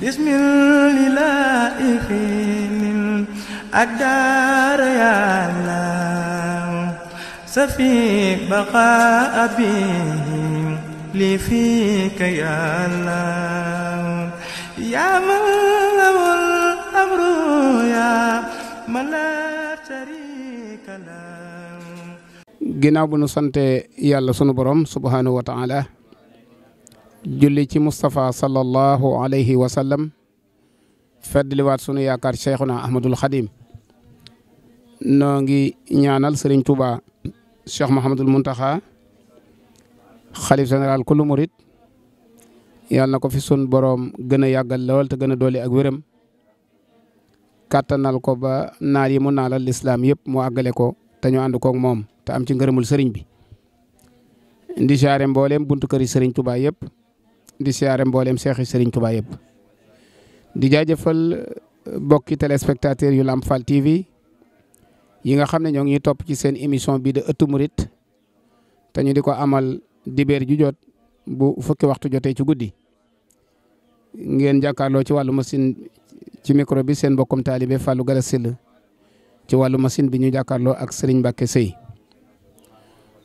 bismillahi fiinil أدار يا الله سفي بقاء أبيهم لي فيك يا الله يا من له الأمر يا من لا شريك له ginnaaw bu nu sante yàlla sunu borom subhaanahu wa taala julli ci Moustapha sallallahu alayhi wa sallam feddliwaat sunu yaakaar Cheikhuna Ahmadul Xadim noo ngi ñaanal Serigne Touba Cheikh Mouhamadul Mountakha xalif général kullu murid yàlla na ko fi sun boroom gën a yàggal lool te gën a doole ak wéram kàttanal ko ba naal yi mu naalal lislaam yëpp mu àggale ko te ñu ànd koog moom te am ci ngërëmul sëriñ bi. ndi jaare mbooleem buntu këri sëriñ Touba yëpp di siyaare mbooleem seexi Serigne Touba yëpp di jaajëfal euh, bokki téléspectateur yu Lamp Fall TV yi nga xam ne ñoo ngi topp ci seen émission bi de ëttu murit te ñu di ko amal dibeer ju jot bu fukki waxtu jotee ci guddi ngeen jàkkaarloo ci wàllu machine ci micro bi seen bokkum taalibe Fallou Galass Syll ci wàllu machine bi ñu jàkkaarloo ak Serigne Mbacké Seye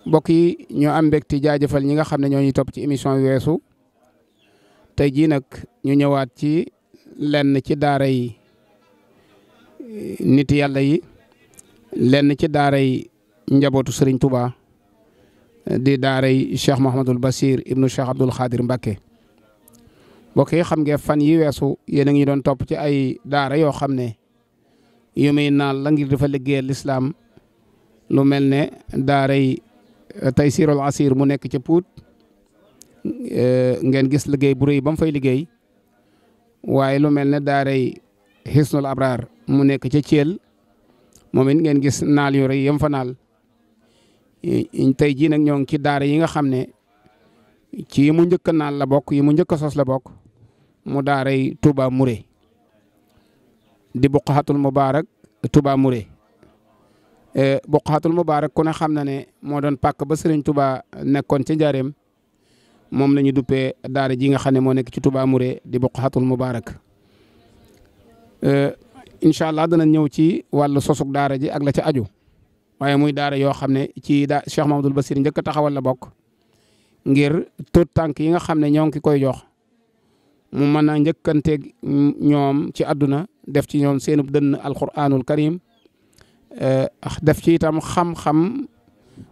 mbokk ñoo am mbégte jaajëfal ñi nga xam ne ñoo ñuy topp ci émission yu weesu tey jii nag ñu ñëwaat ci lenn ci daara yi eh, nit yàlla yi lenn ci daara yi njabootu Serigne tuba eh, di daara yi Cheikh Mouhamadul Bassir ibnu Cheikh Abdoul Khadir Mbacke mbokk yi xam ngeen fan yi weesu yéen a ngi doon topp ci ay daara yoo xam ne yu muy la ngir dafa liggéeyal lislaam lu mel ne daara yi eh, Taysirul Asir mu nekk ca puut Eh, ngeen gis liggéey bu rëy bam fay liggéey waaye lu mel ne daaray Hisnul Abraar mu nekk ca Thiel moom it ngeen gis naal yu rëy yam fa naal eh, tey jii nag ñoo ngi ci daara yi nga xam ne ci mu njëkk a naal la bokk yi mu njëkk a sos la bokk mu daaray tubaa Mouré di tubaa Buqahatul Mubarak Touba Mouré eh, Buqahatul Mubarak ku ne xam na ne moo doon pàkk ba Serigne tubaa nekkoon ca njaareem moom la ñu duppee daara ji nga xam ne moo nekk ci Touba Mouré di Bokhatul Moubarak euh, incha allah dana ñëw ci wàllu sosug daara ji ak la ci aju waaye muy daara yoo xam ne ci daa Cheikh Mamadou Bassir njëkk a taxawal la bokk ngir tout tànk yi nga xam ne ñoo ngi koy jox mu mën a njëkkanteeg ñoom ci àdduna def ci ñoom seenub dënn alquranul karim euh, def ci itam xam-xam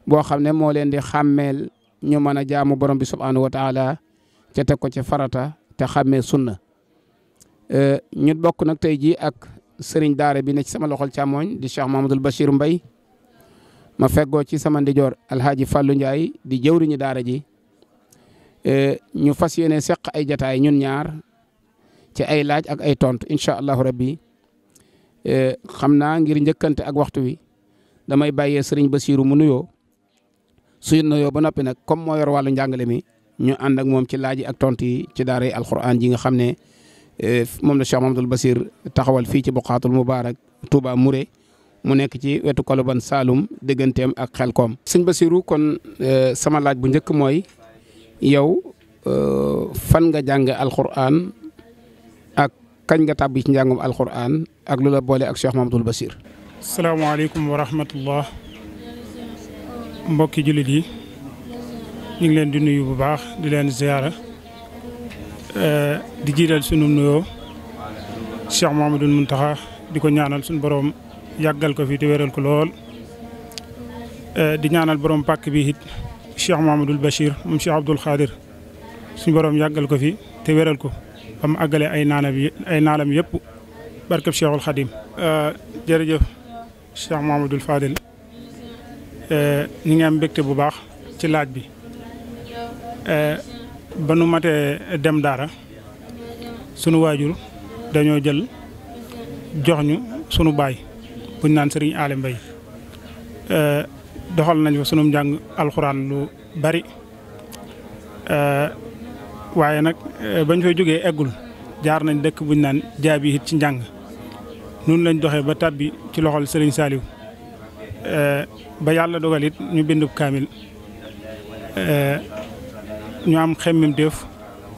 boo xam ne moo leen di xàmmeel ñu mën a jaamu borom bi subhaanahu wa taala ca teg ko ci farata te xàmmee sunna euh, ñu bokk nag tey jii ak sëriñ daara bi ne ci sama loxol càmmooñ di Cheikh Mamadou Bachir mbay ma feggoo ci sama ndijoor alhaaji Fallou Ndiaye di jëwriñu daara ji euh, ñu fas yéene seq ay jataay ñun ñaar ci ay laaj ak ay tontu incha allahu rabbi euh, xam naa ngir njëkkante ak waxtu wi damay bàyyee sëriñ Basiiru mu nuyoo suñu nuyoo ba noppi nag comme moo yor wàllu njàngale mi ñu ànd ak moom ci laaj yi ak tontu yi ci daara yi ji nga xam ne eh, moom la Cheikh Mamadou Basir taxawal fii ci Buqaatul Mubaarak Touba Mouré mu nekk ci wetu Koloban saalum dégganteem ak Xelkom. sëñ Basiru kon eh, sama laaj bu njëkk mooy yow eh, fan nga jàng alxuraan ak kañ nga tàbbi ci njàngum alxuraan ak lu la boole ak Cheikh Mamadou Basir. salaamaaleykum wa rahmatullah mbokki jullit yi ñu ngi leen di nuyu bu baax di leen ziyaara eh, di jiital sunu nuyoo Cheikh Mouhamadoul Mountakha di ko ñaanal sunu boroom yàggal ko fi te wéral ko lool. Eh, di ñaanal borom pàkk bi it Cheikh Mouhamadoul Bachir moom Cheikh Abdoul Khadir suñu borom yàggal ko fi te wéral ko am mu ay naanam ay naalam yëpp barkeb Cheikhul Khadim. Eh, jërëjëf Cheikh Mouhamadoul Fadil. Eh, ñu ngi am mbégte bu baax ci laaj bi eh, ba nu matee dem daara sunu waajur dañoo jël jox ñu sunu baay buñ naan sëriñ Aly Mbaye eh, doxal nañ fa sunu njàng alxuraan lu bari waaye nag bañ fay jógee eggul jaar nañ dëkk buñ naan jaabi ci njàng nun lañ doxee ba tàbbi ci loxol sëriñ Saliou Eh, ba yàlla dogal ñu bindub kaamil eh, ñu am xemmim def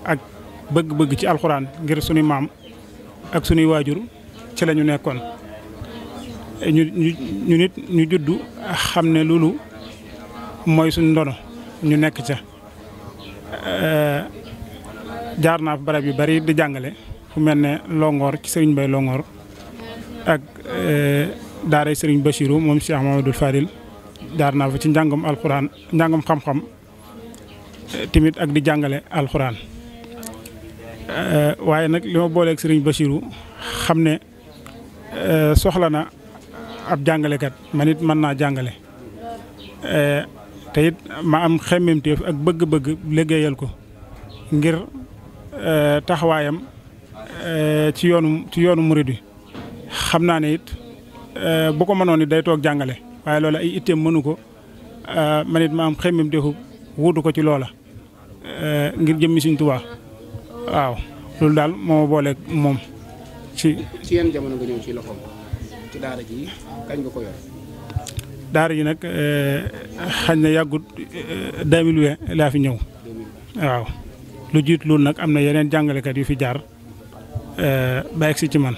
ak bëgg-bëgg ci alxuraan ngir suñu maam ak suñuy waajur ci la eh, ñu nekkoon ñu ñu nit ñu juddu xam ne loolu mooy suñ ndono ñu nekk ca jaar naa barab yu bari di jàngale fu mel ne Longoor ci Sëriñ Bay Longoor ak daaray Serigne bashiru moom Cheikh Mamadou Fadil jaar naa fa ci njàngam alxuraan njàngam xam-xam tamit ak di jàngale alxuraan eh, waaye nag li ma booleeg Serigne xam ne eh, soxla na ab jàngalekat man it mën naa jàngale eh, te it ma am xemmemteef ak bëgg-bëgg liggéeyal ko ngir taxawaayam ci yoonu ci yoonu murid xam naa ne it Euh, bu ko mënoon it day toog jàngale waaye loola ay itteem mënu ko euh, man it ma am xemmem defu wuutu ko ci loola euh, ngir jëmmi Sëriñ Tuubaa waaw loolu daal moo booleeg moom ci. ci yenn jamono nga ci loxoom ci daara ji ko yor. daara ji nag xañ na yàggut 2020 laa fi ñëw waaw lu jiit loolu nag am na yeneen jàngalekat yu fi jaar ba egsi ci man.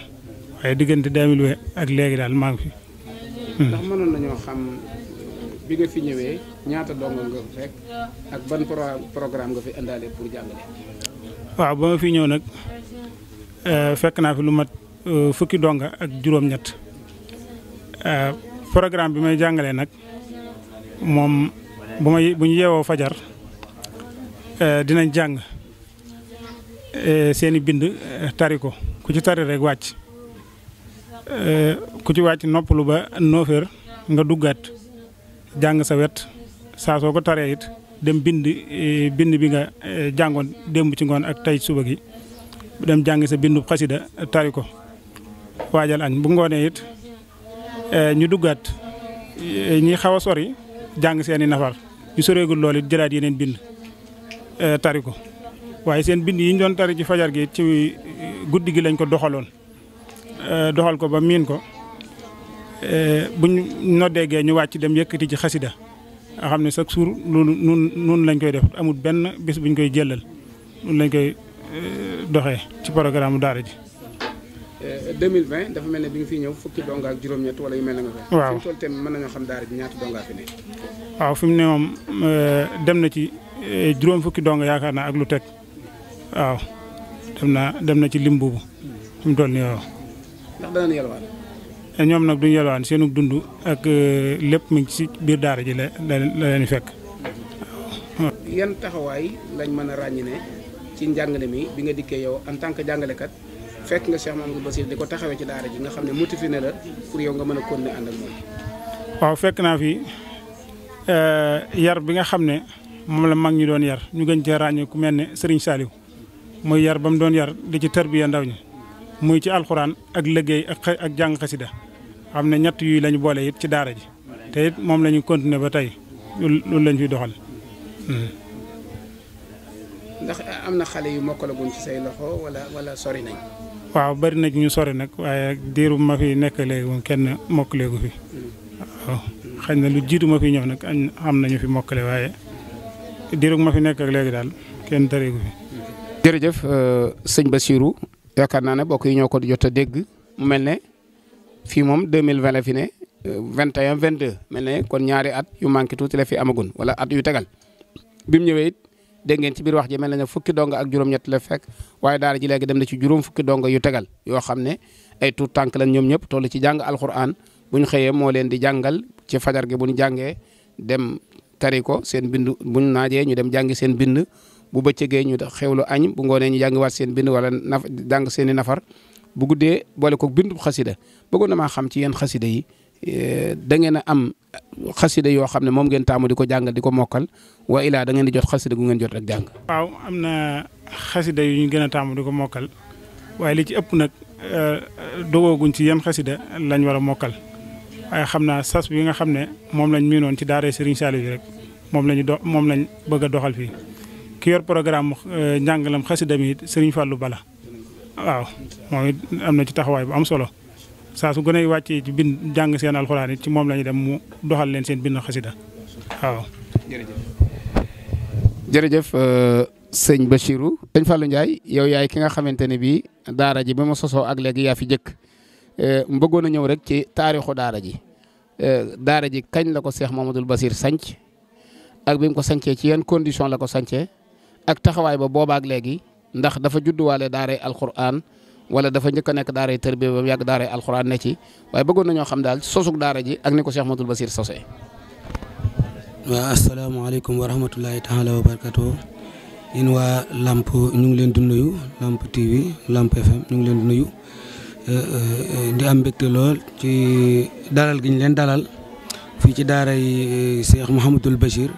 waaye diggante 2020 ak léegi daal maa ngi fi. Hmm. ndax mënoon nañoo xam bi nga fi ñëwee ñaata dong nga fekk ak ban programme nga fi indaalee pour jàngale. waaw ba ma fi ñëw nag euh, fekk naa fi lu mat euh, fukki donga ak juróom-ñett euh, programme bi may jàngale nag moom bu may bu ñu yewoo fajar dinañ jàng seeni bind tari ko ku ci tari rek wàcc. Eh, ku ci wàcc noppalu ba noofeer nga duggaat jàng sa wet saa soo ko taree it dem bind eh, bind bi nga eh, jàngoon démb ci ngoon ak tey suba gi dem jàng sa bindu xasida tari ko waajal añ bu ngoonee it ñu duggaat ñi xaw a sori jàng seeni nafar ñu soreegul loolu yeneen bind tari ko waaye seen bind yi ñu ci fajar gi guddi gi lañ ko doxaloon Euh, doxal ko ba miin ko euh, buñ noddee gee ñu wàcc dem yëkkati ci xasida nga xam ne chaque jour loolu nun lañ koy def amul benn bis buñ koy jëlal nun lañ koy euh, doxee ci programme daara ji 2020 dafa mel ne bi nga fi ñëw fukki donga ak wala yu mel ne waaw fi mu toll tamit xam daara ji ñaata donga fi ne. waaw fi mu ne moom dem na ci juróom fukki donga yaakaar naa ak lu teg waaw dem na dem na ci lim boobu fi toll nii waaw. ndax danañ yalwaan. Eh, ñoom nag duñ yalwaan seenu dund ak eh, lépp mi ci biir daara ji la leen fekk. yan taxawaay lañ mën a ràññi ne ci njàngale mi bi nga dikkee yow en tant que jàngalekat fekk nga Cheikh Mamadou si di ko taxawee ci daara ji nga xam ne motivé na la pour yow nga mën a ni ànd ak moom. waaw fekk naa fi eh, yar bi nga xam ne moom la mag ñi doon yar ñu gën cee ràññee ku mel ne Serigne Saliou mooy yar ba mu doon yar di ci tarbiya ndaw ñi. muy ci alxuraan ak liggéey ak ak jàng xasida xam ne ñett yuy lañu boole it ci daara ji te moom la ñu continuer ba tey loolu lañ fiy doxal. Hmm. ndax eh, am na xale yu mokkalaguñ ci say loxo wala wala sori nañ. waaw bari na ñu sori nag waaye diiru ma fi nekk léegi moom kenn mokkaleegu fi hmm. waaw xëy na lu jiitu ma fi ñëw nag nañu fi mokkale waaye diiru ma fi nekk léegi daal kenn tareegu fi. jërëjëf euh, sëñ Bassirou yaakaar naa ne bokk yi ñoo ko di jot a dégg mu mel ne fii moom 2020 la fi ne 21 22 mel ne kon ñaari at yu manqué tuuti la fi amagun wala at yu tegal bi mu ñëwee dégg ngeen ci biir wax ji mel na ne fukki dong ak juróom-ñett la fekk waaye daara ji léegi dem na ci juróom fukki dong yu tegal yoo xam ne ay tuut tànk lañ ñoom ñëpp la ci jàng alxuraan bu ñu xëyee moo leen di jàngal ci fajar gi bu ñu jàngee dem tari ko seen bind bu naajee ñu dem jàngi seen bind bu bëccëgee ñu xewlu añ bu ngoonee ñu jàngiwaat seen bind wala naf jàng seeni nafar bu guddee boole ko bindu xasida bëggoon na maa xam ci yéen xasida yi eh, da ngeen am xasida yoo xam ne moom ngeen taamu di ko jàngal di ko mokkal wa ilaa da di jot xasida gu ngeen jot rek jàng. waaw am na xasida yu ñu gën a taamu di ko mokkal waaye li ci ëpp nag eh, dogooguñ ci yan xasida lañ war a mokkal waaye xam naa sas bi nga xam ne moom lañ miinoon ci daara Serigne Saliou rek moom lañ do moom lañu bëgg doxal fii. ki yor programme euh, njàngalam xasida mi sëriñ Fallou Bala waaw moom it am na ci taxawaay bu am solo saa su gën a wàccee ci bind jàng seen alxuraan ci moom la ñu dem mu doxal leen seen bind xasida waaw. jërëjëf jërëjëf euh, sëñ Bachirou sëñ Fallou Ndiaye yow yaay ki nga xamante ne bii daara ji ba ma sosoo ak léegi yaa fi jëkk euh, mbëggoon a ñëw rek ci taarixu daara ji daara ji kañ la ko Cheikh Mamadou Basir sanc ak bi ko sancee ci yan condition la ko sancee ak taxawaay ba boobaak léegi ndax dafa judduwaale daaray alquran wala dafa njëkk a nekk daaray tërbiya ba mu yàgg daaray alquran ne ci waaye bëggoon nañoo xam daal sosug daara ji ak ni ko Cheikh Matul Basir sosee. waaw asalaamaaleykum wa rahmatulahi taala wa barakatuh waa LAMP ñu ngi leen di nuyu LAMP TV LAMP FM ñu ngi leen nuyu euh, euh, di am mbégte lool ci dalal gi leen dalal fii ci daaray euh, Cheikh Mouhamadul Bachir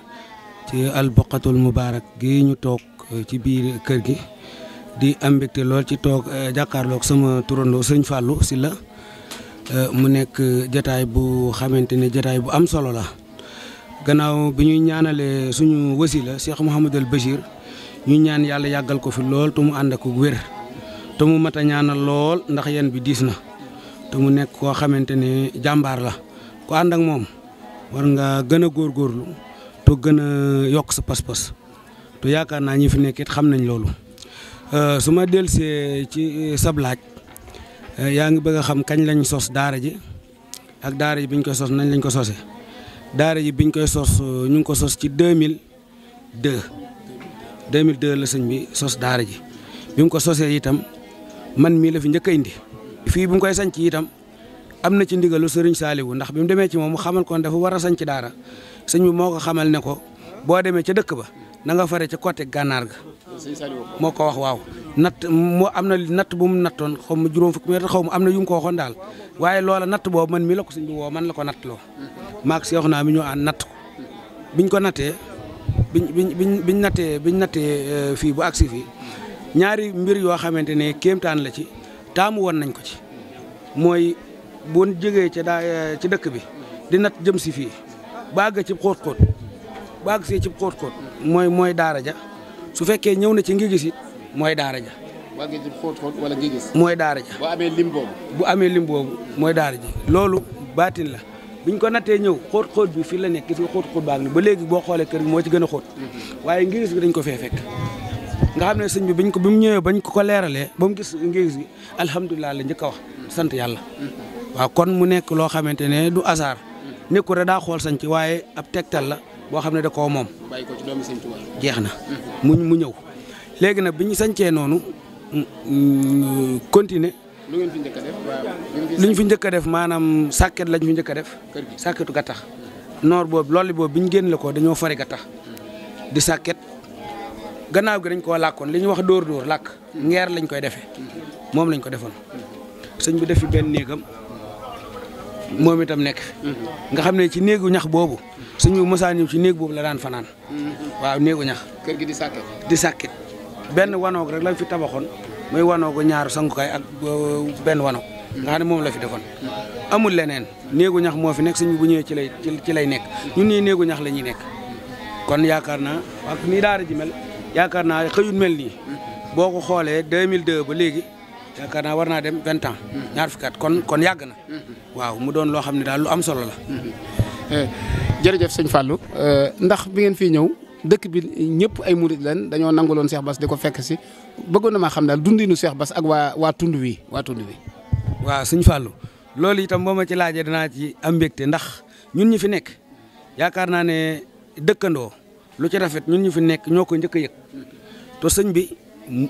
ci alboqatul mubaarak gi ñu toog eh, ci biir kër gi di am mbégte lool ci toog eh, jàkkaarlook sama turandoo sëñ si la eh, mu nekk jataay bu xamante ne jataay bu am solo la gannaaw bi ñuy ñaanalee suñu wasila Cheikh Mouhamadul Bachir ñu ñaan yàlla yàggal ko fi lool te mu ànd ak wér te mu mat a ñaanal lool ndax yéen bi diis na te mu nekk koo xamante ne jàmbaar la ku ànd ak moom war nga gën a góorgóorlu te gën a yokk sa pas-pas te yaakaar naa ñi fi nekk it xam nañ loolu euh, su ma dellusee ci euh, sablaaj euh, yaa ngi bëgg xam kañ lañ sos daara ji ak daara ji biñ koy sos nañ lañ ko sosee daara ji biñ koy sos ñu ngi ko sos ci 2002 2002 la sëñ bi sos daara ji bi mu ko sosee itam man mii la fi njëkk a indi fii bi mu koy sanc itam am na ci ndigalu sëriñ Saaliwu ndax bi mu demee ci moom mu xamal kon dafa war a sanc daara sëñ bi moo ko xamal ne ko boo demee ca dëkk ba na nga fare ca côté gànnaar ga moo ko wax waaw natt moo am na natt bu mu nattoon xaw juróom fukki mètre xaw ma am na yu mu ko waxoon daal waaye loola natt boobu man mi la ko sëñ bi woo man la ko natt loo maag seexu naa mi ñoo ànd natt ko biñ ko nattee biñ biñ nattee biñ nattee euh, fii bu agsi ñaari mbir yoo xamante ne kéemtaan la ci taamu woon nañ ko ci mooy bu jegee ca daa euh, ci dëkk bi di natt jëm si fii bàgg ci xóot-xóot bàgg see ci xóot-xóot mooy mooy daara ja su fekkee ñëw na ci ngi gis mooy daara ja. bàgg ci xóot-xóot wala ngi gis. mooy daara ja bu amee lim boobu. bu amee lim boobu mooy daara ji loolu baatin la biñ ko nattee ñëw xóot-xóot bi fii la nekk gis xóot-xóot baa ngi ba léegi boo xoolee kër gi moo ci gën a xóot mm-hmm. waaye ngi gis bi dañ ko fee fekk. nga xam ne sëñ bi biñ ko bi mu ñëwee bañ ko ko leerale ba mu gis ngis gi alhamdulilah la njëkk wax mm-hmm. sant yàlla waaw kon mu nekk loo xamante ne du hasard nekkul rek daa xool sañ ci waaye ab tegtal la boo xam ne da koo moom. bàyyi ko ci doomi Sëñ jeex na. Mhm. mu mu ñëw léegi nag bi ñu sancee noonu continuer. lu ngeen njëkk a def ñu fi njëkk def maanaam sàkket lañ fi njëkk a def. sàkketu gattax. noor boobu loolu boobu bi ñu génn la ko dañoo fari gattax mhm. di sàkket gannaaw gi dañ koo làkkoon li ñuy wax dóor dóor làkk. Mhm. ngeer lañ koy defee moom lañ ko defoon sëñ bi def benn néegam. moom itam nekk nga xam ne ci néegu ñax boobu suñu mësaa ñëw ci néeg boobu la daan fanaan waaw néegu ñax kër gi di sàkkit di sàkkit benn wanoog rek lañ fi tabaxoon muy wanoogu ñaaru sangukaay ak euh, benn wanoog nga xam ne moom la fi defoon amul leneen néegu ñax moo fi nekk suñu bu ñëwee ci lay ci lay nekk ñun nii néegu ñax la ñuy nekk kon yaakaar naa ak nii daara ji mel yaakaar naa xëyut mel nii boo ko xoolee 2002 ba léegi yaakaar naa war naa dem vingt ans. ñaar fukki at kon kon yàgg na. waaw mu doon loo xam ne daal lu am solo la. jërëjëf sëñ Fallou euh, ndax bi ngeen fi ñëw dëkk bi ñëpp ay murit lañ dañoo loon seex Bass di ko fekk si bëggoon na maa xam daal dundinu Cheikh Bass ak waa waa tund wi waa tund waaw sëñ Fallou loolu itam boo ma ci laajee danaa ci am mbégte ndax ñun ñi fi nekk yaakaar naa ne dëkkandoo lu ci rafet ñun ñu fi nekk ñoo ko njëkk a yëg te sëñ bi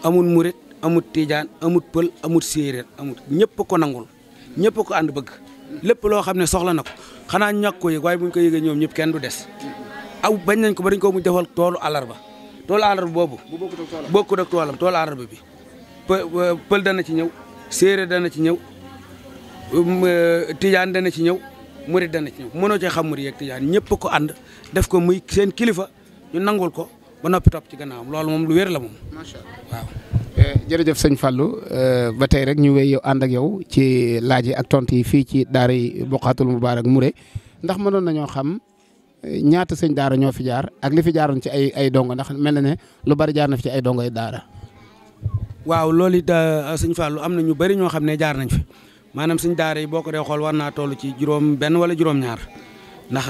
amul murit amut tiijaan amut pël amut séeréer amut ñëpp ko nangul ñëpp ko ànd bëgg lépp loo xam ne soxla na ko xanaa ñàkk ko yëg waaye buñ ko yëgee ñoom ñëpp kenn du des aw bañ nañ ko ba dañ ko mu defal toolu àllarba toolu àllarba boobu bokkut ak toolam toolu àllarba bi pël dana ci ñëw séeréer dana ci ñëw um, uh, tijaan dana ci ñëw murit dana ci ñëw mënoo xam murit yeeg ñëpp ko ànd def ko muy seen kilifa ñu nangul ko ba noppi topp ci gannaaw loolu moom lu wér la moom waaw Eh, jërëjëf sëñ Fallou eh, ba tey rek ñu wéy yow ànd ak yow ci laaj yi ak tontu yi fii ci daara yi Bokhatul Moubarak Mouré ndax mënoon nañoo xam eh, ñaata sëñ daara ñoo fi jaar ak li fi jaaroon ci ay ay dongo ndax mel na ne lu bari jaar na fi ci ay dongo ay daara. waaw loolu it sëñ Fallou am na ñu bari ñoo xam ne jaar nañ fi maanaam sëñ daara yi boo ko dee xool war naa toll ci juróom benn wala juróom ñaar ndax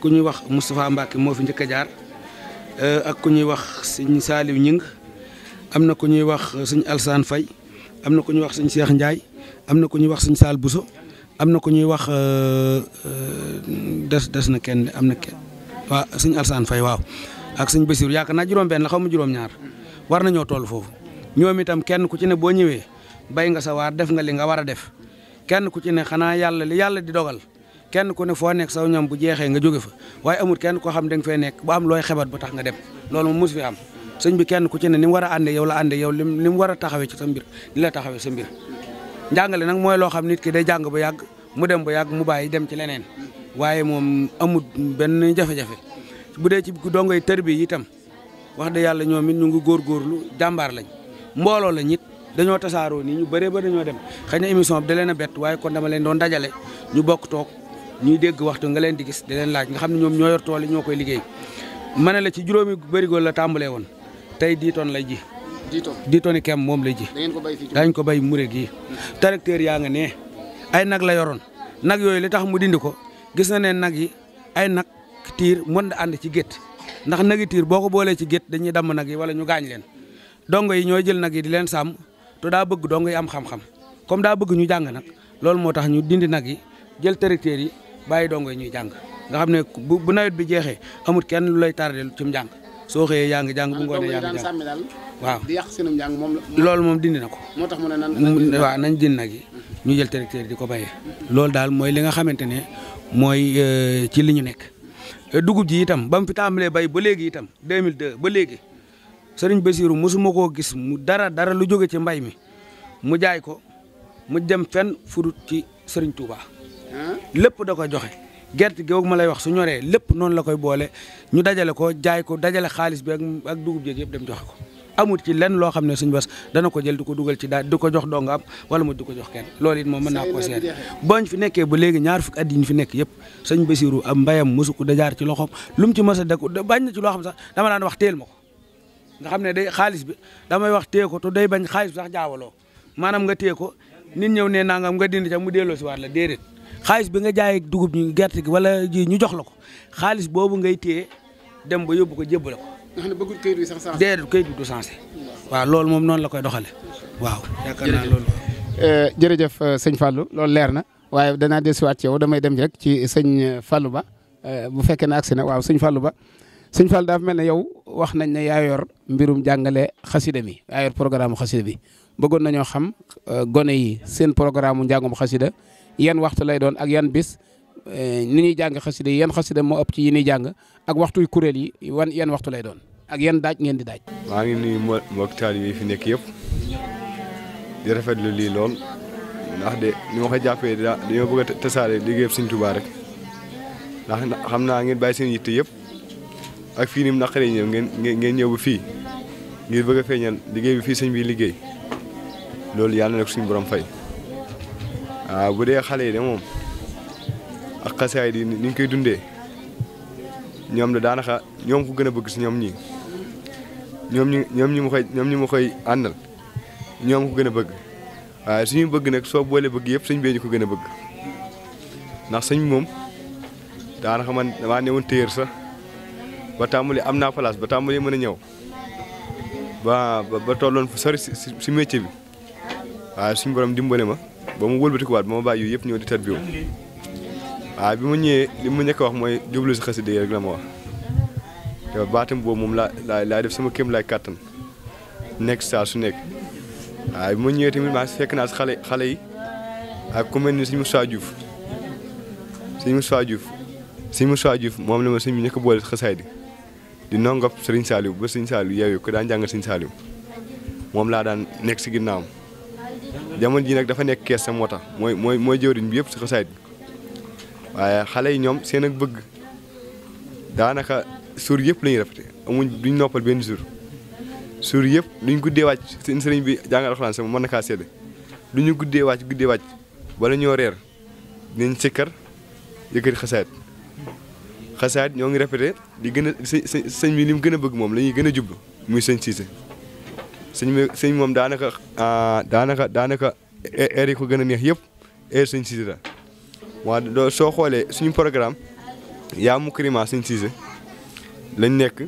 ku ñuy wax Moustapha Mbacke moo fi njëkk a jaar ak ku ñuy wax sëñ Saliou Ñing am na ku ñuy wax sëñ Alsaan Fay am na ku ñuy wax sëñ Cheikh Ndiaye am na ku ñuy wax sëñ Saal Bousso am na ku ñuy wax euh, euh, des des na kenn am na kenn waaw sëñ Alsaan Fay waaw ak sëñ Basiir yaakaar naa juróom-benn la xaw ma juróom-ñaar war nañoo toll foofu ñoom itam kenn ku ci ne boo ñëwee bay nga sa def nga li nga war a def kenn ku ci ne xanaa yàlla li yàlla di dogal kenn ku ne foo nekk saw ñam bu jeexee nga jóge fa waaye amul kenn koo xam da nga fee nekk bu am looy xebat bu tax nga dem loolu moom mos fi am. sëñ bi kenn ku ci ne ni mu war a àndee yow la àndee yow lim ni mu war a taxawee ci sa mbir la taxawee sa mbir njàngale nag mooy loo xam nit ki day jàng bu yàgg mu dem ba yàgg mu bàyyi dem ci leneen waaye moom amut benn jafe bu dee ci dongoy tër bi itam wax dëgg yàlla ñoom it ñu ngi góorgóorlu jàmbaar lañ mbooloo la it dañoo tasaaroo ni ñu bëree ba ñoo dem xëy na émission bi da leen a bett waaye kon dama leen doon dajale ñu bokk toog ñuy dégg waxtu nga leen di gis di leen laaj nga xam ne ñoom ñoo yor tool ñoo koy liggéey ma ne la ci juróomi bërigo la tàmbalee woon tey dix tonnes lay ji. dix tonnes moom lay ji. da ko bay fii daañu ko bay mure gii. Hmm. tracteur yaa nga ne ay nag la yoroon nag yooyu li tax mu dindi ko gis na ne nag yi ay nag tiir mën na ànd ci gét ndax nagi tiir boo ko boolee ci gét dañuy damm nag yi wala ñu gaañ leen dongo yi ñoo jël nag yi di leen sàmm te daa bëgg dongo yi am xam-xam comme daa bëgg ñu jàng nag loolu moo tax ñu dindi nag yi jël tracteur yi bàyyi dongo yi ñuy jàng nga xam ne bu nawet bi jeexee amut kenn lu lay tardé ci mu jàng soo xëyee yaa ngi jàng bu ngoonee yaa ngi jàng waaw di yàq seenum njàng moom loolu moom dindi na ko moo tax mu ne nan waaw nañ dindi nag yi ñu jël tracteur yi di ko béyee loolu daal mooy li nga xamante ne mooy euh, ci li ñu nekk dugub ji itam ba mu fi tàmbalee bay ba léegi itam 2002 ba léegi sëriñ Bassirou mosuma koo gis mu dara dara lu jóge ci mbay mi mu jaay ko mu dem fenn fudut ci sëriñ tuuba lépp da ko joxe gerte googu ma lay wax su ñoree lépp noonu la koy boole ñu dajale ko jaay ko dajale xaalis bi ak ak dugub jeeg yëpp dem joxe ko amul ci lenn loo xam ne suñu bas dana ko jël di ko dugal ci daal di ko jox dong wala mu di ko jox kenn loolu it moom mën naa ko seet boñ fi nekkee léegi ñaar fukki at yi fi nekk yëpp sëñ Basiru am mbayam mosuko da jaar ci loxoom lu mu ci mës a dëkk bañ na ci loo xam sax dama daan wax teel ma ko nga xam ne day xaalis bi damay wax téye ko te day bañ xaalis bi sax jaawaloo maanaam nga téye ko nit ñëw ne nangam nga dindi ca mu delloo si waat la déedéet xaalis bi nga jaayee dugub ñu gerte gi wala ji ñu jox la ko xaalis boobu ngay téye dem ba yóbbu ko jébbale ko. nga xam ne bëggul du sensé. waaw loolu moom noonu la koy doxale waaw yaakaar naa loolu. Euh, jërëjëf euh, sëñ Fallou loolu leer na waaye danaa desuwaat ci yow damay dem rek ci sëñ fallu Ba euh, bu fekkee ne agsi na waaw sëñ Fallou Ba sëñ Fallou daal mel na yow wax nañ ne yaa yor mbirum njàngale xasida mi yaa yor xasida bi bëggoon nañoo xam gone yi seen programme njàngum xasida yan waxtu lay doon ak yan bis eh, ni ñuy jàng xasida yi yan xasida moo ëpp ci yi ñuy jàng ak waxtuy kuréel yi wan yan waxtu lay doon ak yan daaj ngeen di daaj. maa ngi nuyu mbokk taalibe yi fi nekk yëpp di rafetlu lii lool ndax de ni ma jàppee daa dañoo bëgg a tasaare liggéeyam Sëñ Tuubaa rek ndax xam naa ngi bàyyi seen yitte yëpp ak fii ni mu naqaree ñëw ngeen ngeen fii ngir bëgg a feeñal liggéey bi fii sëñ bi liggéey loolu yàlla na suñ borom fay. waaw ah, bu dee xale yi de moom ak xasaay di ni ñu koy dundee ñoom de daanaka ñoom ko gën a bëgg si ñoom ñii ñoom ñu ñoom ñu ma ñoom ñu koy àndal ñoom gën a bëgg waaye ñu bëgg nag soo boole bëgg yëpp sëñ bee ñu ko gën a bëgg ndax sëñ moom daanaxa man damaa newoon téyër sax ba tàmbali am naa place ba tàmbali mën a ñëw ba ba tolloon fu sori si si métier bi waaye suñu borom dimbale ma. ba mu wëlbatikuwaat ba ma bàyyi yëpp ñëw di tat biwu waaw bi mu ñëwee li mu njëkk wax mooy jublu si xasida yi rek la ma wax te baatam boobu moom laa laa def sama kéem laay kàttan nekk saa su nekk waaw bi ñëwee tamit maa si xale xale yi ak ku mel ni suñu Moussa Diouf suñu Moussa Diouf moom la ma suñu njëkk a boole si xasaay di di nongop Serigne Saliou ba Serigne Saliou yeewu ko daan jàngal Serigne Saliou moom laa daan nekk si ginnaawam jamono ji nag dafa nekk kees sa moo tax mooy mooy mooy jëwriñ bi yëpp si xasaayit bi waaye xale yi ñoom seen ak bëgg daanaka suur yëpp lu ñuy répété amuñ duñ noppal benn jour suur yëpp duñ guddee wàcc seen sëriñ bi jàngal alxuraan sama mën na kaa sédd duñu guddee wàcc guddee wàcc bala ñoo reer dinañ sikkar yëkkati xasaayit xasaayit ñoo ngi répété li gën a sëñ bi li mu gën a bëgg moom la ñuy gën a jublu muy sëñ Cissé sëñ bi sëñ moom daanaka ah, daanaka daanaka air e, yi ko gën a neex yëpp air sëñ Cissé la waaw soo xoolee suñu programme yaa mukrima sëñ Cissé lañ nekk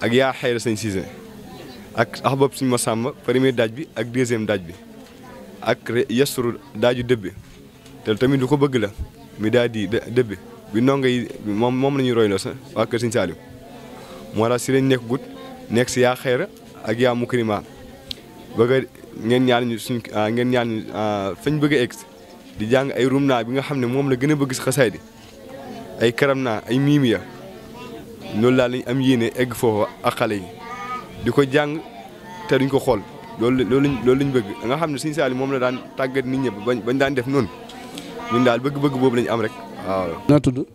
ak yaa xayra sëñ Cissé ak ahbab sëñ Masamba premier daaj bi ak deuxième daaj bi ak yasturu daaju dëbbi te tamit du ko bëgg la mi daal di dëbbi bi ndongo yi moom moom la ñuy royloo sax waa kër sëñ Saliou moo tax si lañ nekk gut nekk si yaa xayra ak yaa mukrima bëgg a ngeen ñaan ñu suñ ah, ngeen ñaan ah, fañ bëgg a egg di jàng ay rum naa bi nga xam ne moom la gën a bëgg si xasaay di ay karam naa ay miimiya loolu laa lañ am yéene egg foofu ak yi di ko jàng te duñ ko xool loolu loolu loolu lañ bëgg nga xam ne suñu saali moom la daan tàggat nit ñëpp bañ bañ daan def noonu ñun daal bëgg-bëgg boobu lañu am rek waaw. noo tudd.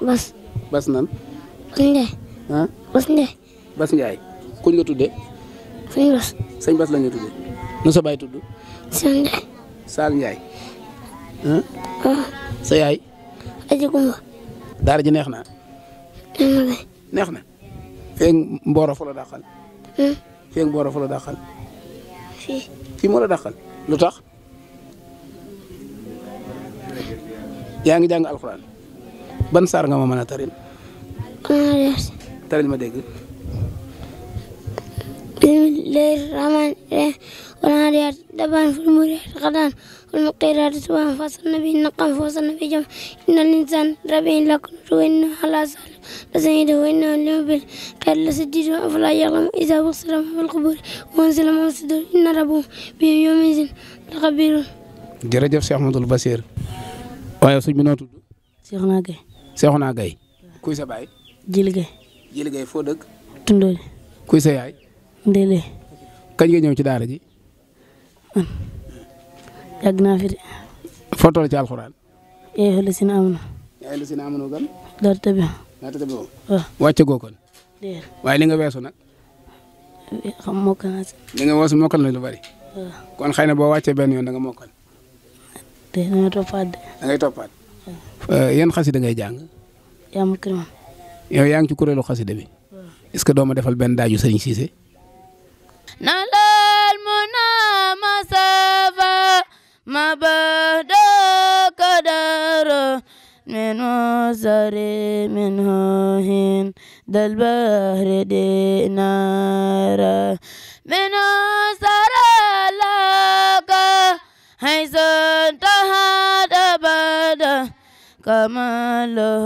Bas. Bas nan. Kunde. ah Bas Ndiaye. Bas Ndiaye kuñ tuddee. sëñ Bas. sëñ Bas la ñuy tuddee. nu sa baay tudd. Sall Ndiaye. Sall Ndiaye. Ah. sa yaay. Aji Kumba. daara ji neex naa neex na. feeg Mboro fa la dàqal. feeg Mboro fa la dàqal. fii fii moo la dàqal lu tax. yaa ngi jàng alxuraan ban saar nga ma mën a taril. taril ma dégg. للرحمن والعاديات دبا في المريح غدان والمقيرات سواء فصلنا به النقم فوصلنا به جمع إن الإنسان ربي لكن وإنه على سهل لسيده وإنه اليوم بالخير لسجد أفلا يعلم إذا وصل في القبور وأنزل من الصدور إن ربه به يومئذ الخبير jërëjëf Cheikh Ahmadoul Basir waaye suñ bi noo tudd. Cheikhouna Gaye. Cheikhouna Gaye. kuy sa baay. Jili Gaye. Jili Gaye foo dëkk. Tundóoli. kuy sa yaay. Ndéelé. kañ nga ñëw ci daara ji. man naa fi de. foo toll ci alxuraan. yaa ngi si na am goo kon. waaye li nga weesu nag. xam mokkal naa si. li nga weesu mokkal na lu bari. kon xëy na boo wàccee benn yoon danga nga mokkal. déedéet da ngay toppaat de. ngay euh, yan xasida ngay jàng. yaa ma yow yaa ngi ci kuréelu xasida bi. est-ce que doo ma defal benn daaju Serigne Cissé. زري منه هين ذا البهر دينارا من سرى لك حيث انتهت أبدا كما له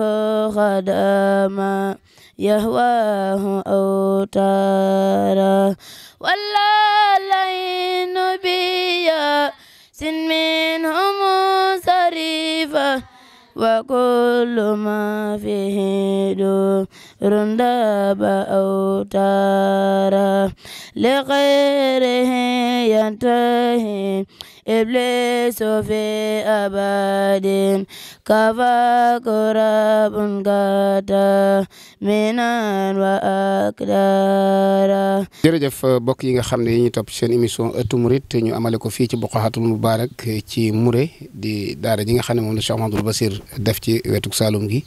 خدما يهواه أوتارا ولا لئن بياس منهم سريفا وكل ما فيه دور داب أوتارا لغيره ينتهي Iblis fi abadin kafa kurabun gata minan wa akdara jërëjëf euh, mbokk yi nga xam ne yi ñu topp seen émission ëttu ñu amale ko fii ci Bokhatul Moubarak euh, ci Mouré di daara ji nga xam ne moom la Cheikh Mahamadul Basir def ci wetuk Saalum gi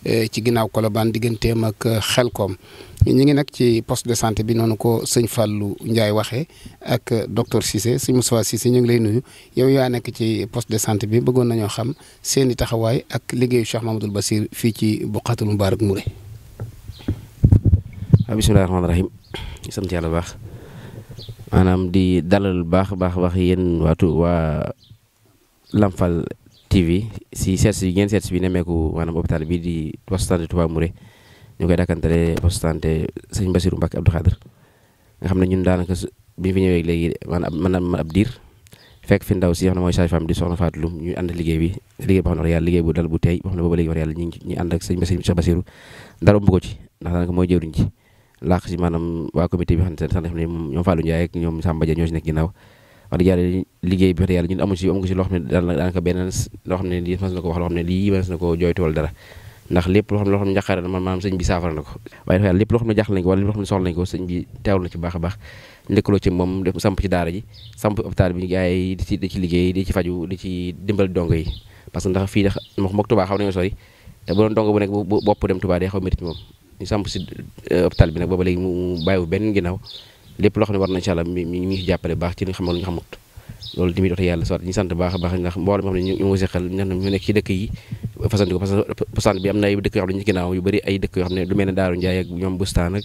Eh, ci ginnaaw Colobane digganteem ak eh, xel koom ñu ngi nag ci poste de santé bi noonu ko sëñ Fallou njaay waxee ak eh, docteur Cissé sëñ Moussa Cissé ñu ngi lay nuyu yow yaa nekk ci poste de santé bi bëggoon nañoo xam seeni taxawaay ak liggéeyu Cheikh Mamadou Bassir fii ci Boukhatoul Moubarak Mouré. bismillaahi rahmaani rahiim sant yàlla bu baax maanaam di dalal baax baax baax yéen waatu waa Lamfal TV si seetsi yi ngeen seetsi bi nemmeeku maanaam hôpital bii di poste santé Touba Mouré ñu koy dakkantalee poste santé sëñ Bassirou Mbacké Abdou Khadre nga xam ne ñun daanaka bi fi ñëwee léegi maanaam ab diir fekk fi ndaw si mooy sage-femme di soxna Fatou Loum ñu ànd liggéey liggéey boo liggéey bu boo xam ne booba léegi wax yàlla ñu ànd ak sëñ Bassirou Cheikh Bassirou dara bu ko ci ndax daanaka mooy jëwriñ ci laax si maanaam waa comité bi xam ne ñoom Fallou Ndiaye ñoom Samba Dia wax dëgg yàlla liggéey bi wax dëgg yàlla ñun amu si amu si loo xam ne daanaka beneen loo xam ne lii mas na ko wax loo xam ne lii mas na ko jooytu wala dara ndax lépp loo xam ne loo xam ne njaqare na maanaam sëñ bi saafara na ko waaye dafa yàlla lépp loo xam ne jaaxle nañ ko wala lépp loo xam ne soxla nañ ko sëñ bi teewlu na ci baax a baax ndëkkaloo ci moom def samp ci daara ji samp hôpital bi gars yi di ci di ci liggéey di ci faju di ci dimbal dongo yi parce que ndax fii ndax mook Touba xaw nañoo sori te bu doon dongo bu nekk bopp dem Touba day xaw métti moom ñu samp si hôpital euh, bi nag booba léegi mu bàyyiwu benn ginnaaw lépp loo xam ne war na incha allah mi mi ngi si jàppale baax ci li nga xam ne ñu xamut loolu tamit wax yàlla soit ñu sant baax a baax ndax mboolem xam ne ñu ngi seqal ñu nekk ci dëkk yi fasanti ko parce que bi am na ay dëkk yoo xam ne ñu ginnaaw yu bëri ay dëkk yoo xam ne lu mel ne Daaru Njaay ak ñoom Bustaan ak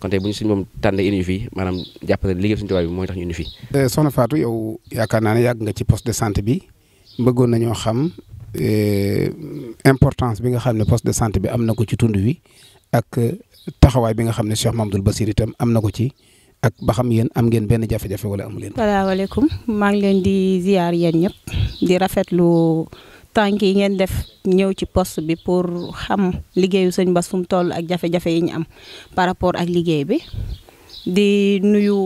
kon tey bu ñu suñu moom tànnee indi fii maanaam jàpp na liggéey suñu tubaab bi mooy tax ñu indi fii. Eh, soxna Fatou yow yaakaar naa ne nga ci poste de santé bi bëggoon nañoo xam eh, importance bi nga xam ne poste de santé bi am na ko ci tund wi ak taxawaay bi nga xam ne Cheikh Mamadou Bassir itam am na ko ci ak ba xam yéen am ngeen benn jafe-jafe wala amu leen. salaamaaleykum maa ngi leen di ziar yéen ñëpp di rafetlu. tànk yi ngeen def ñëw ci post bi pour xam liggéeyu sëñ Bass fu mu ak jafe-jafe yi ñu am par rapport ak liggéey bi di nuyu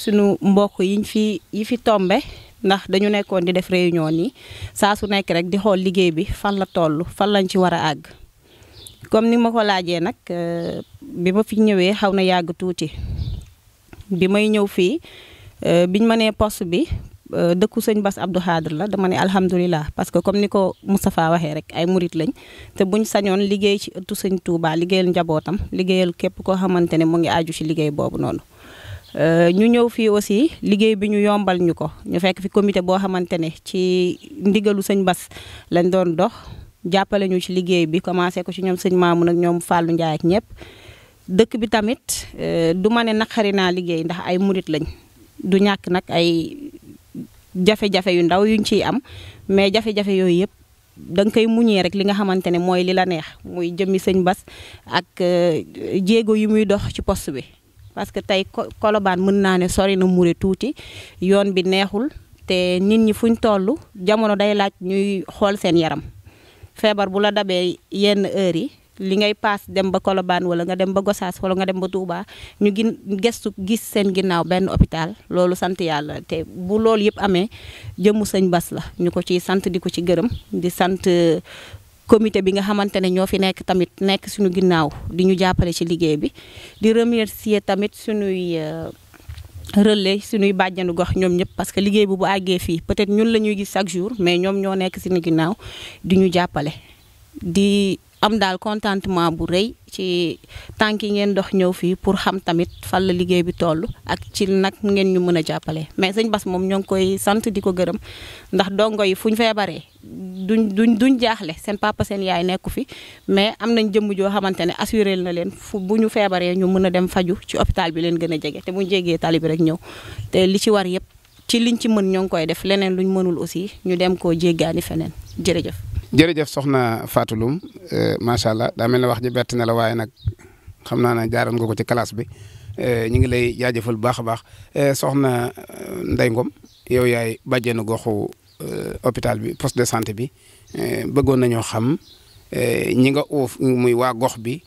sunu mbokk yiñ fi yi fi tombe ndax dañu nekkoon di def réunion nii saa su nekk rek di xool liggéey bi fan la toll fan lañ ci war a àgg comme ni ma ko laajee nag euh, bi ma fi ñëwee xaw na yàgg tuuti bi may ñëw fii euh, biñ ma nee poste bi Euh, dëkku sëñ bas Abdou Khadre la dama ne alhamdulilah parce que comme ni ko Moustapha waxee rek ay murit lañ te buñ sañoon liggéey ci ëttu sëñ Touba liggéeyal njabootam liggéeyal képp koo xamante ne mu ngi aju ci liggéey boobu noonu. Euh, ñu ñëw fii aussi liggéey bi ñu yombal ñu ko ñu fekk fi comité boo xamante ne ci ndigalu sëñ bas lañ doon dox jàppale ñu ci liggéey bi commencé ko ci ñoom sëñ Mamoun ak ñoom falu Ndiaye ak ñëpp dëkk bi tamit euh, du ma ne naqari naa liggéey ndax ay murit lañ du ñàkk nag ay. jafe-jafe yu ndaw yuñ ciy am mais jafe-jafe yooyu yëpp da nga koy muñee rek li nga xamante ne mooy li la neex muy jëmmi sëñ Bas ak euh, jéego yu muy dox ci post bi. parce que tey Colobane mën naa ne sori na mure tuuti yoon bi neexul te nit ñi fuñ toll jamono day laaj ñuy xool seen yaram feebar bu la dabee yenn heures yi. li ngay paas dem ba Colobane wala nga dem ba Gossas wala nga dem ba Touba ñu gin gestu gis seen ginnaaw benn hôpital loolu sant yàlla te bu loolu yëpp amee jëmu sëñ Bass la ñu ko ci sant di ko ci gërëm di sant euh, comité bi nga xamante ne ñoo fi nekk tamit nekk suñu ginnaaw di ñu jàppale ci liggéey bi di remercier tamit suñuy euh, relais suñuy bàjjanu gox ñoom ñëpp parce que liggéey bi bu àggee peut-être ñun la ñuy gis chaque jour mais ñoom ñoo nekk suñu ginnaaw di ñu jàppale di am daal contentement bu rëy ci tànk yi ngeen dox ñëw fii pour xam tamit fan la liggéey bi toll ak ci nag ngeen ñu mën a jàppale mais sëñ Bass moom ñoo ngi koy sant di ko gërëm ndax dongo yi fu ñu feebaree duñ duñ duñ jaaxle seen papa seen yaay nekku fi mais am nañ jëmm joo xamante ne assuré na leen fu bu ñu feebaree ñu mën a dem faju ci hôpital bi leen gën a jege te mu ñu jegee tali bi rek ñëw te li ci war yëpp ci liñ ci mën ñoo ngi koy def leneen lu luñ mënul aussi ñu dem koo jéggaani feneen jërëjëf jërëjëf soxna Fatou Loum euh, macha allah daa mel ne wax ji berti na la waaye nag xam naa ne jaaroon nga ko ci classe bi euh, ñu ngi lay jaajëfal bu baax a baax euh, soxna Ndeye Ngom yow yaay bàjjeenu goxu hôpital bi poste de santé bi bëggoon nañoo xam ñi nga uuf muy waa gox bi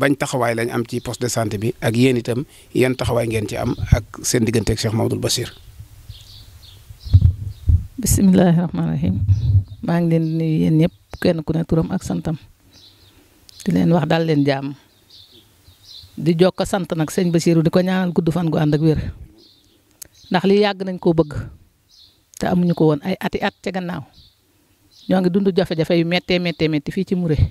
bañ taxawaay lañ am ci poste de santé bi ak yéen itam yan taxawaay ngeen ci am ak seen digganteeg Cheikh Mamadou Bassir. bisimilah rahmaani rahiim. maa ngi leen di ñëpp kenn ku ne turam ak santam di leen wax dal leen jàmm di ko sant nag sëñ Basiiru di ko ñaanal gudd fan gu ànd ak wér ndax li yàgg nañ koo bëgg te amuñu ko woon ay ati at ca gannaaw ñoo ngi dund jafe-jafe yu mette méttee métti fii ci Mouré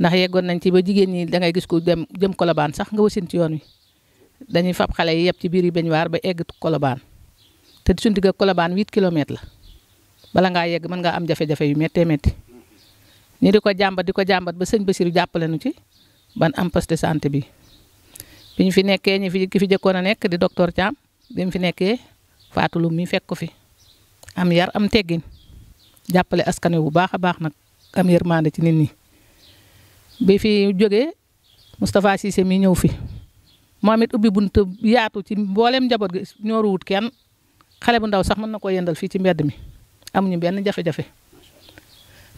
ndax yeggoon nañ ci ba jigéen ñi dangay ngay gis ku dem jëm Colobane sax nga wasin ci yoon wi dañuy fab xale yi yëpp ci biir yi bañ waar ba egg Colobane te suñu digg Colobane 8 kilomètres la. bala ngaa yegg mën nga am jafe-jafe yu méttee métti ñu di ko jàmbat di ko jàmbat ba sëñ Basiru jàppale nu ci ban am poste de santé bi bi ñu fi nekkee ñi fi ki fi jëkkoon a nekk di docteur Thiam bi fi nekkee Fatou Loum mi fekk ko fi am yar am teggin jàppale askan wi bu baax a baax nag am yërmande ci nit ni bi fi jógee Moustapha Cissé mi ñëw fi moom it ubbi bunt yaatu ci mboolem njaboot gi ñooruwut kenn xale bu ndaw sax mën na ko yendal fii ci mbedd mi. amuñu benn jafe-jafe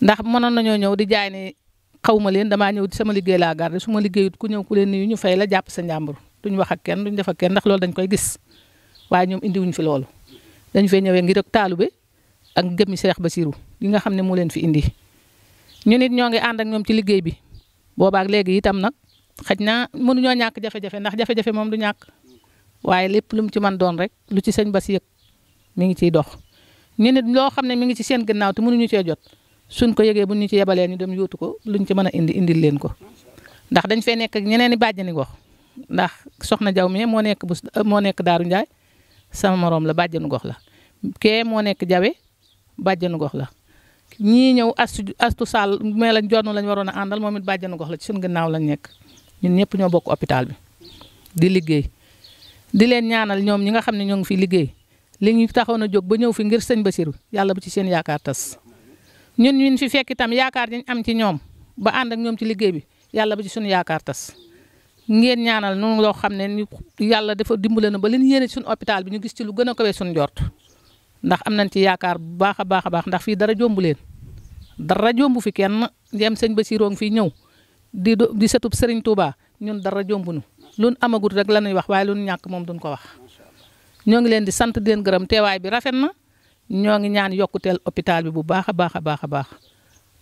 ndax mënoon nañoo ñëw di jaay ne xaw ma leen damaa ñëw sama liggéey laa garde su ma liggéeyut ku ñëw ku leen nuyu ñu fay la jàpp sa njàmbur duñ wax ak kenn duñ def ak kenn ndax loolu dañ koy gis waaye ñoom indiwuñ fi loolu dañ fee ñëwee ngir ak taalube ak gëmmi Seex Basiru yi nga xam ne moo leen fi indi ñu nit ñoo ngi ànd ak ñoom ci liggéey bi boobaak léegi itam nag xaj na mënuñoo ñàkk jafe-jafe ndax jafe-jafe moom du ñàkk waaye lépp lu mu ci man doon rek lu ci sëñ Bas yëg mi ngi ciy dox ñu ne loo xam ne mu ngi ci seen gannaaw te mënuñu cee jot suñ ko yëgee bu ñu ci yebalee ñu dem yootu ko ñu ci mën a indi indil leen ko ndax dañ fay nekk ak ñeneen i bàjjani gox ndax soxna jaw mi moo nekk bu moo nekk Daaru Njaay sama morom la bàjjanu gox la kee moo nekk jawe bàjjanu gox la ñii ñëw astu astu sall mee lañ jonn lañ waroon a àndal moom it bàjjanu gox la ci suñ gannaaw lañ nekk ñun ñëpp ñoo bokk hôpital bi di liggéey di leen ñaanal ñoom ñi nga xam ne ñoo ngi fi liggéey li ñu taxoon a jóg ba ñëw fi ngir sëñ Basiru yàlla bu ci seen yaakaar ñun ñun fi fekk itam yaakaar dañ am ci ñoom ba ànd ak ñoom ci liggéey bi yàlla bu ci suñu yaakaar tas ngeen ñaanal noonu loo xam ne yàlla dafa dimbale na ba li ñu yéene ci bi ñu gis ci lu gën a kawee suñu jort ndax am nañ ci yaakaar bu baax a baax a baax ndax fii dara jombu leen dara jombu fi kenn dem sëñ Basiru ngi fii ñëw di di sëtub Sëriñ Tuuba ñun dara jombu nu lu amagut rek la ñuy wax waaye lu ñàkk moom duñ ko wax ñoo ngi leen di sant di leen gërëm teewaay bi rafet na ñoo ngi ñaan yokkuteel hôpital bi bu baax a baax a baax a baax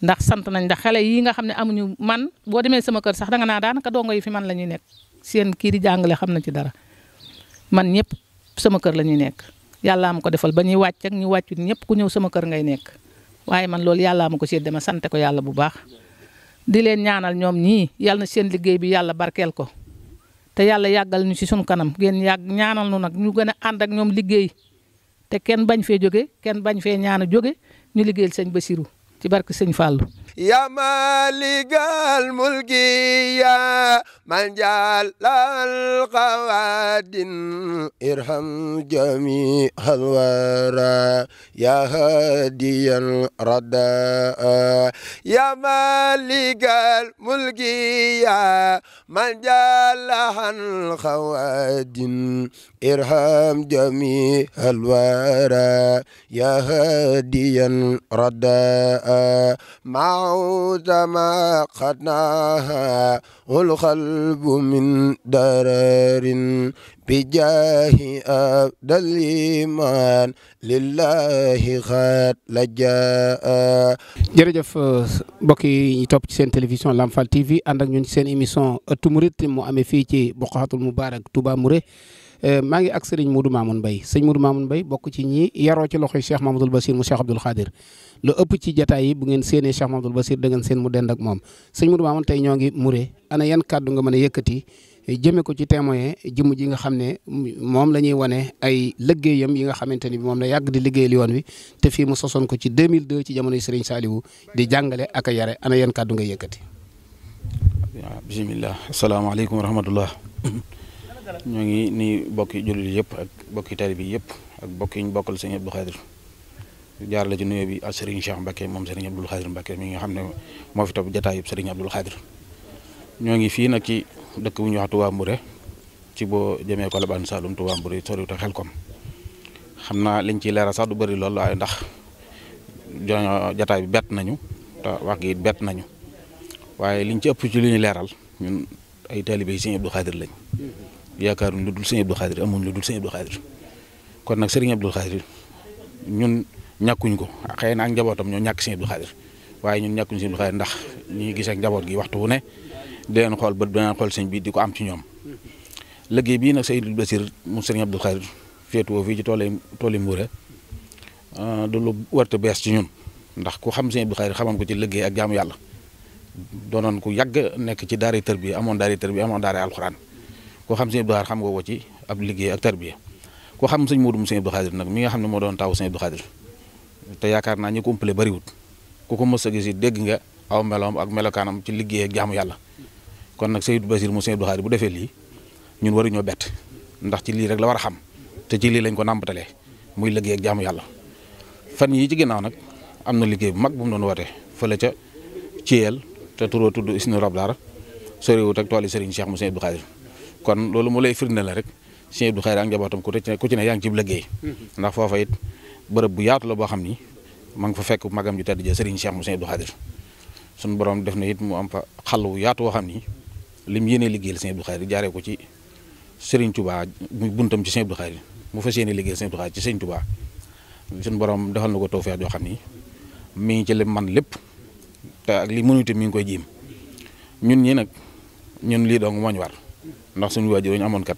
ndax sant nañ ndax xale yii nga xam ne amuñu man boo demee sama kër sax nga naa daanaka dongo yi fi man la ñuy nekk seen kii di jàngale xam na ci dara man ñëpp sama kër la ñuy nekk yàlla am ko defal ba ñuy wàcc ak ñu wàccut ñëpp ku ñëw sama kër ngay nekk waaye man loolu yàlla ma ko séet dama sante ko yàlla bu baax di leen ñaanal ñoom ñii yàlla na seen liggéey bi yàlla barkeel ko te yàlla yàggal ñu ci sunu kanam ngeen yàgg ñaanal nu nag ñu gën a ànd ak ñoom liggéey te kenn bañ fee joge kenn bañ fee ñaan a jóge ñu liggéeyal sëñ Basiru ci barke sëñ Fallou. ya maaligal mulki ya منجال القواد ارحم جميع الورى يا هادي الرداء يا مالك الملك يا منجال القواد ارحم جميع الورى يا هادي الرداء معوذ ما قدناها والخ القلب من درر بجاه أبدى الإيمان لله خات لجاء jërëjëf mbokk yi topp ci seen télévision Lamp Fall TV ànd ak ñun seen émission Ëttu Murid mu amee fii ci Bokhatul Moubarak Touba Mouré Euh, maa ngi ak sëriñ Modou Mamoun Mbaye sëñ Modou Mamoun Mbaye bokk ci ñi yaroo ci loxoy Cheikh Mamadou Bassir mu Cheikh Abdoul Khadir lu ëpp ci jataay yi bu ngeen séenee Cheikh Mamadou Bassir da ngeen seen mu dend ak moom sëñ Modou Mamoun tey ñoo ngi muré ana yan kaddu nga mën a yëkkati eh, jëme ko ci témoin jëmm ji nga xam ne moom la ñuy wane ay liggéeyam yi nga xamante ni bi moom la yàgg di liggéeyal yoon wi te fii mu sosoon ko ci 2002 ci jamonoy Serigne Saliou di jàngale ak yare ana yan kàddu nga yëkkati. bismillah asalaamaaleykum wa ñoo ngi nii bokki jullit yëpp ak bokki taalibe yi yëpp ak bokki yi ñu bokkal sëñ Abdou Khadir jaar la ci nuyoo bi ak Serigne Cheikh Mbacke moom Serigne Abdou Khadir Mbacke mi nga xam ne moo fi topp jataayub Serigne Abdou Khadir ñoo ngi fii nag ci dëkk bu wax Touba Mbouré ci boo jëmee Colobane Saloum Touba Mbouré soriwut xel kom xam naa liñ ciy leeral sax du bari lool waaye ndax jataay bi bett nañu te wax nañu waaye liñ ci ëpp ci liñuy leeral ñun ay taalibe yi Serigne Abdou lañ yaakaaruñ lu dul sëñ Abdou Khadir amuñ lu dul sëñ kon nag sëriñ Abdou Khadir ñun ñàkkuñ ko xëy na ak njabootam ñoo ñàkk sëñ Abdou Khadir waaye ñun ñàkkuñ seen Abdou Khadir ndax ñuy gis ak njaboot gi waxtu wu ne dinañ xool ba dinañ xool sëñ bi di ko am ci ñoom liggéey bii nag Seydou Bassir mu sëriñ Abdou Khadir féetuwoo fii ci toolu toolu Mbuure euh, du lu warte bees ci ñun ndax ku xam sëñ Abdou Khadir xamoon ko ci liggéey ak jaamu yàlla doonoon ku yàgg nekk ci daari bi amoon daari tër bi amoon daari ko xam sëñ Abdou Khadr xam nga ko ci ab liggéey ak tarbiya ko xam sëñ Modou mu sëñ Abdou Khadr nag mi nga xam ne moo doon taw sëñ Abdou Khadr te yaakaar naa ñu ko umpale bariwut ku ko mës a dégg nga aw meloom ak melokaanam ci liggéey ak jaamu yàlla kon nag Seydou Basir mu sëñ Abdou Khadr bu defee lii ñun waruñoo bett ndax ci lii rek la war a xam te ci lii lañ ko nàmpatalee muy liggéey ak jaamu yàlla fan yii ci ginnaaw nag am na liggéey bu mag bu mu doon woote fële ca ci Thiel te turoo tudd Isnu Rabdar soriwut ak tool yi Serigne Cheikh mu sëñ Abdou Khadr kon loolu mu lay firnde la rek Sëriñ Abdou Khadr ak njabootam ku ci ku ci ne yaa ngi cib liggéey ndax foofa it bërëb bu yaatu la boo xam ni ma ngi fa fekk magam ju tedd ja Serigne Cheikh mu Sëriñ Abdou Khadr suñu borom def na it mu am fa xàll wu yaatu boo xam ni lim yéene liggéeyal Sëriñ Abdou Khadr jaaree ko ci Serigne Touba muy buntam ci Sëriñ Abdou Khadr mu fas yéene liggéeyal Sëriñ Abdou Khadr ci Sëriñ Touba suñu borom defal na ko tawfeex joo xam ni mi ngi ci lim man lépp te ak li mënut mi ngi koy jiim ñun ñi nag ñun lii dong moo ñu war ndax suñu waajur ñu amoon kat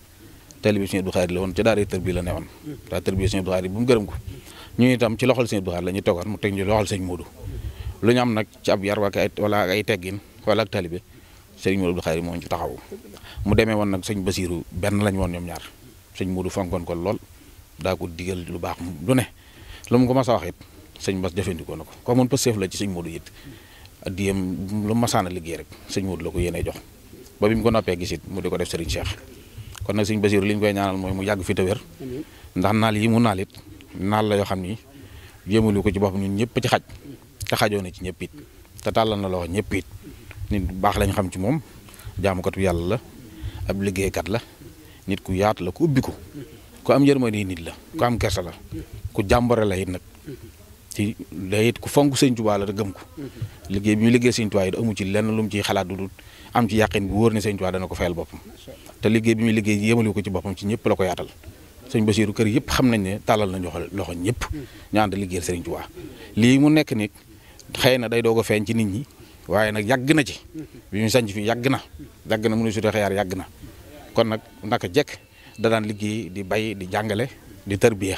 taalibe Sëñ Abdu Xaadir la woon ci daara tërbiya la newoon daa tërbiya Sëñ Abdu Xaadir bu mu gërëm ko ñu itam ci loxol Sëñ Abdu Xaadir la ñu tegoon mu teg ñu loxol Sëñ Moodu lu ñu am nag ci ab yar wala ay teggin wala ak taalibe Sëñ Moodu Abdu Xaadir moo ci taxawu mu demee woon nag Sëñ Basiiru benn lañ woon ñoom ñaar Sëñ Moodu fonkoon ko lool daa ko digal lu baax lu ne lu mu ko mas a wax it Sëñ Bas jëfandikoo na ko ko amoon pëseef la ci Sëñ Moodu it addiyam lu a liggéey rek Sëñ Moodu la ko yéenee jox ba bi ko noppee gisit mu di ko def Serigne Cheikh kon nag Serigne Bassirou li ñu koy ñaanal mooy mu yàgg fi te wér ndax naal yi mu naal it naal la yoo xam ni jéemalu ko ci boppam ñun ñëpp ci xaj te xajoo na ci ñëpp it te tàllal na loxo ñëpp it nit bu baax lañ xam ci moom jaamukatu yàlla la ab liggéeykat la nit ku yaat la ku ubbi ko ku am yërmande nit la ku am gerte la ku jàmbare la it nag ci day it ku fonk sëñ Tuubaa la te gëm ko liggéey bi mu liggéey sëñ Tuubaa yi amu ci lenn lu mu ciy xalaat du dul am ci yàqin bu wóor ne sëñ Tuubaa dana ko fayal boppam te liggéey bi muy liggéey yéemali ko ci boppam ci ñëpp la ko yaatal sëñ Basiiru kër yëpp xam nañ ne tàllal nañ loxo loxo ñëpp ñu ànd liggéeyal sëñ Tuubaa lii mu nekk nit xëy na day doog a feeñ ci nit ñi waaye nag yàgg na ci bi mu sanc fi yàgg na yàgg na mënu su xeyaar yàgg na kon nag naka jekk da daan liggéey di bay di jàngale di tarbiya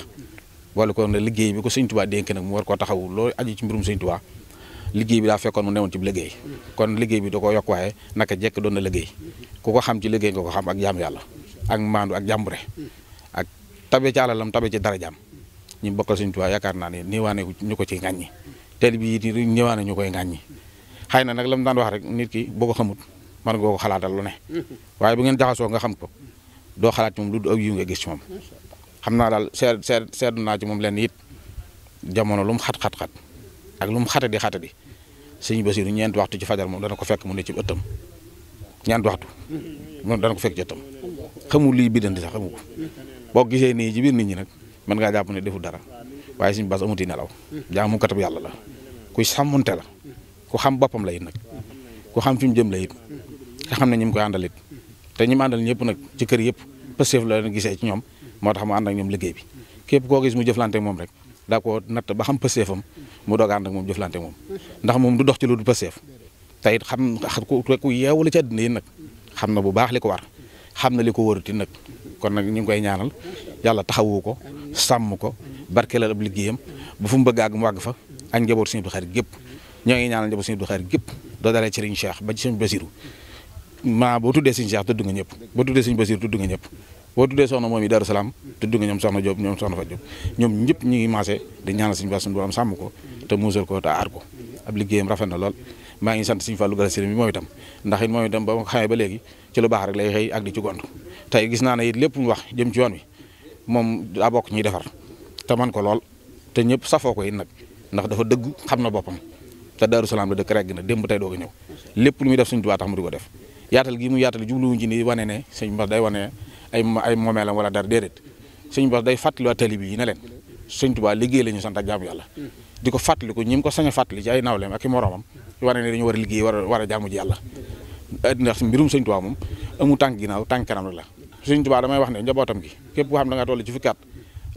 boole ko ne liggéey bi ko sëñ Tuubaa dénk nag mu war koo taxawu loolu aju ci mbirum sëñ Tuubaa liggéey bi daa fekkoon mu newoon ci liggéey kon liggéey bi da koo yokk waaye naka jekk doon na liggéey ku ko xam ci liggéey nga ko xam ak jaam yàlla ak maandu ak jàmbure ak tabe ci alalam tabe ci darajaam ñu bokkal sëñ Tuubaa yaakaar naa ne néewaane ñu ko ci ŋàññi teel bi it néewaane ñu koy ŋàññi xëy na nag la mu daan wax rek nit ki boo ko xamut mën nga ko xalaatal lu ne mm-hmm. waaye bu ngeen jaxasoo nga xam ko doo xalaat ci moom lu du ak yu nga gis ci moom xam naa daal seet seet seetlu naa ci moom leen it jamono lu mu xat xat xat ak lu mu xatadi xatadi sëñ Basiru ñeenti waxtu ci fajar moom dana ko fekk mu ne ci ëttam ñeenti waxtu moom dana ko fekk ci xamul lii biddanti sax xamu ko boo gisee nii ci biir nit ñi nag mën ngaa jàpp ne deful dara waaye suñu bas amuti nelaw jaamu katab yàlla la kuy sàmmonte la ku xam boppam la it nag ku xam fi mu jëm la it nga xam ne ñi mu koy àndal te ñi mu àndal ñëpp nag ci kër yëpp pëseef la leen gisee ci ñoom moo tax mu ànd ak ñoom liggéey bi képp koo gis mu jëflante moom rek daa ko natt ba xam pëseefam mu doog ànd ak moom jëflante moom ndax moom du dox ci lu du pëseef te xam xam ku yeewu la ci àddina yi nag xam na bu baax li ko war xam na li ko wëruti nag kon nag ñu ngi koy ñaanal yàlla taxawu ko sàmm ko barkeelal ab liggéeyam bu fu mu bëgg àgg mu àgg fa ak njaboot Sëñ Abdou Khadre gépp ñoo ngi ñaanal njaboot Sëñ Abdou Khadre gépp doo dalee ci Sëñ ba ci Sëñ boo tuddee Sëñ Cheikh tudd ñëpp boo tuddee Sëñ Basiru tudd nga ñëpp boo tuddee soxna moom yi Daaru Salaam tudd nga ñoom soxna Diop ñoom soxna Fatou Diop ñoom ñëpp ñu ngi maase di ñaanal suñu baax suñu ko te muusal ko te aar ko ab liggéeyam rafet na lool maa ngi sant suñu Fallou Gala Sëriñ bi moom itam ndax it moom itam ba ma ba léegi ci lu baax rek lay xëy ak tey gis naa ne it lépp mu wax jëm ci yoon wi moom daa bokk ñuy defar te man ko lool te ñëpp safoo ko it nag ndax dafa dëgg xam na boppam te Daaru Salaam la dëkk rek na démb tey doog a ñëw lépp lu muy def suñu Tuubaa tax mu di ko def yaatal gi mu yaatal jubluwuñ ci ni wane ne sëñ Mbass day wane ay ay moomeelam wala dara déedéet sëñ Bass day fàttaliwaat tali bi yi ne leen sëñ Tuubaa liggéey la ñu sant ak jaamu yàlla di ko fàttaliku ñi mu ko sañ a fàttali ci ay nawleem ak i moromam wane ne dañu war a liggéey war a war a jaamu ji yàlla eh, ndax mbirum sëñ Tuubaa moom amu tànk ginnaaw tànk kanam rek la sëñ Tuubaa damay wax ne njabootam gi képp koo xam da nga toll ci fukkaat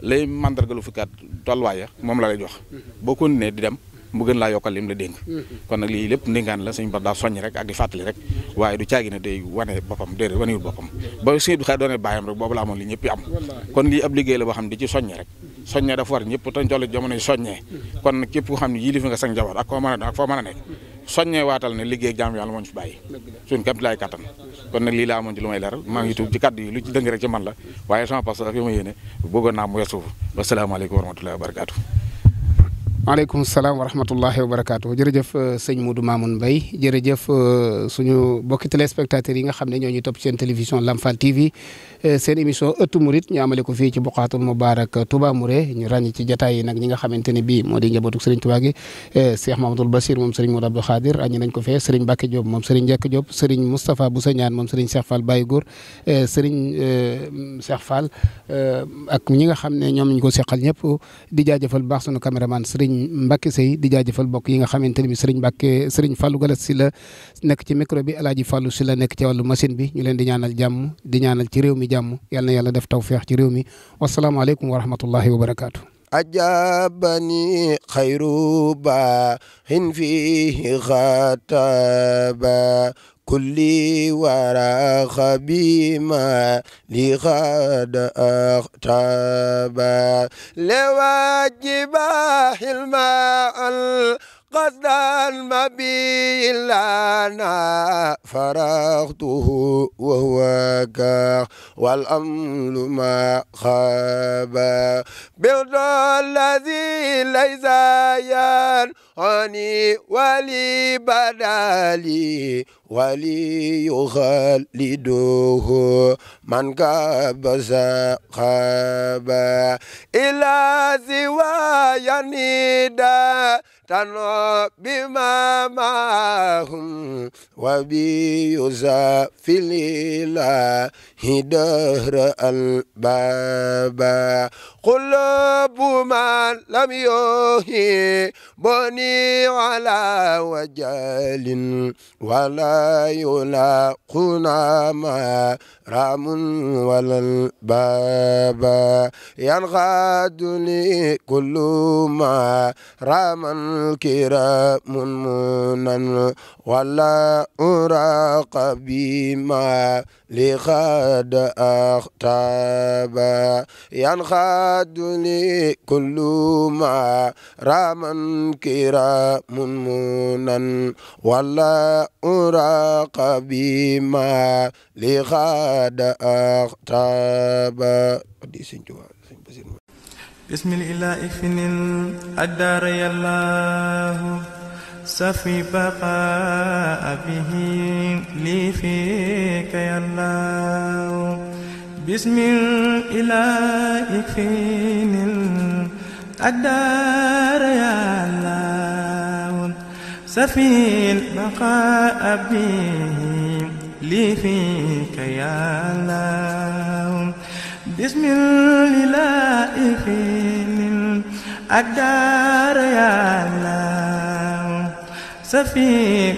lay mandargalu fukkaat tolluwaay ya moom la lay jox boo continué di dem mu gën naa yokkal lim la dénk kon nag lii lépp ndénkaan la sëñ ba daa soññ rek ak di fàttali rek waaye du caagi ne wane boppam déedéet wanewul boppam ba sëñ bi xaar doone bàyyam rek boobu la amoon am kon lii ab liggéey la boo xam di koo xam ne yii li fi nga sang njaboot ak a foo mën a nekk soññee waatal ne liggéey jaam yàlla moo ñu fi bàyyi suñ kam laay kattan kon nag lii laa amoon ci lu may leeral maa ngi tuub ci kàddu yi lu ci dëng rek man la waaye sama parce que ak maaleykum salaam wa rahmatullahi wa barakaatu jërëjëf euh, sëñ Modou Mamoun Mbaye jërëjëf euh, suñu bokki téléspectateurs yi nga xam ne ñoo ñu topp seen télévision Lamfal TV Eh, seen émission ëttu murit ñu amale ko fii ci Buqaatul Mubaarak Touba Mouré ñu ràññ ci jataay yi nag ñi nga xamante ne bii moo di njabootu Serigne Touba gi eh, Cheikh Mahamadoul Bassir moom Serigne Modou Abdou Khadir ràññi nañ ko fee Serigne Mbacke Diop moom Serigne Njekk Diop Serigne Moustapha Boussa Ñaan moom Serigne Cheikh Fall Baye Góor eh, Serigne Cheikh Fall ak ñi nga xam ne ñoom ñu ko seqal ñëpp di jaajëfal baax sunu caméraman Serigne Mbacke Sey di jaajëfal bokk yi nga xamante ne bi Serigne Mbacke Serigne Fallou Galas si la nekk ci micro bi Alaaji Fallou si la nekk ci wàllu machine bi ñu leen di ñaanal jàmm di ñaanal ci réew mi jàmm yal yàlla def tawféex ci réew mi wasalaamaaleykum wa rahmatullahi wa barakaatu. ajabani xayru baaxin fihi xataba kulli wara xabima li xad axtaba lewajiba xilma al قد ألم بي لنا فرغته وهو كاخ والأمل ما خاب برد الذي ليس ينعني ولي بدالي ولي يخلده من كاب سخاب إلى سوى ينيدا تنوى بما معهم وبيزا في الإله دهر الباب قلوب من لم يهي بني على وجل ولا يلاقنا ما رام ولا الباب ينغاد لي كل ما راما كرام منن ولا أراق بما لقد أختاب ينخاد لي كل ما رام كرام منن ولا أراق بما لقد أختاب بسم الإله فن الأدار يا الله سفي بقاء به لي فيك يا الله بسم الإله فن الأدار يا الله سفي بقاء به لي فيك يا الله bismillahi finin addaar yaa law safi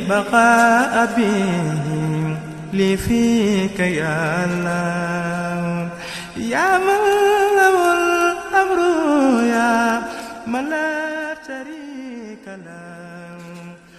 baqa abihim li fika yaa law yaa man lahul amru yaa man